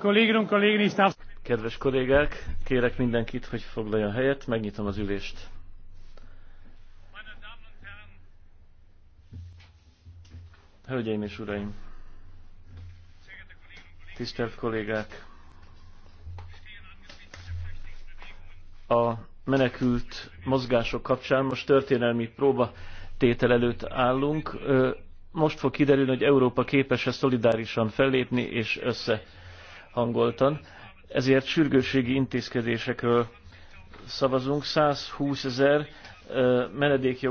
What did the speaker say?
Kolleginnen und Kollegen, ich darf... Kedves kollégák, kérek mindenkit, hogy foglaljon helyet, megnyitom az ülést. Hölgyeim és uraim! Tisztelt kollégák! a menekült mozgások kapcsán. Most történelmi próba tétel előtt állunk. Most fog kiderülni, hogy Európa képes-e szolidárisan fellépni és összehangoltan. Ezért sürgősségi intézkedésekről szavazunk. 120 ezer menedékjog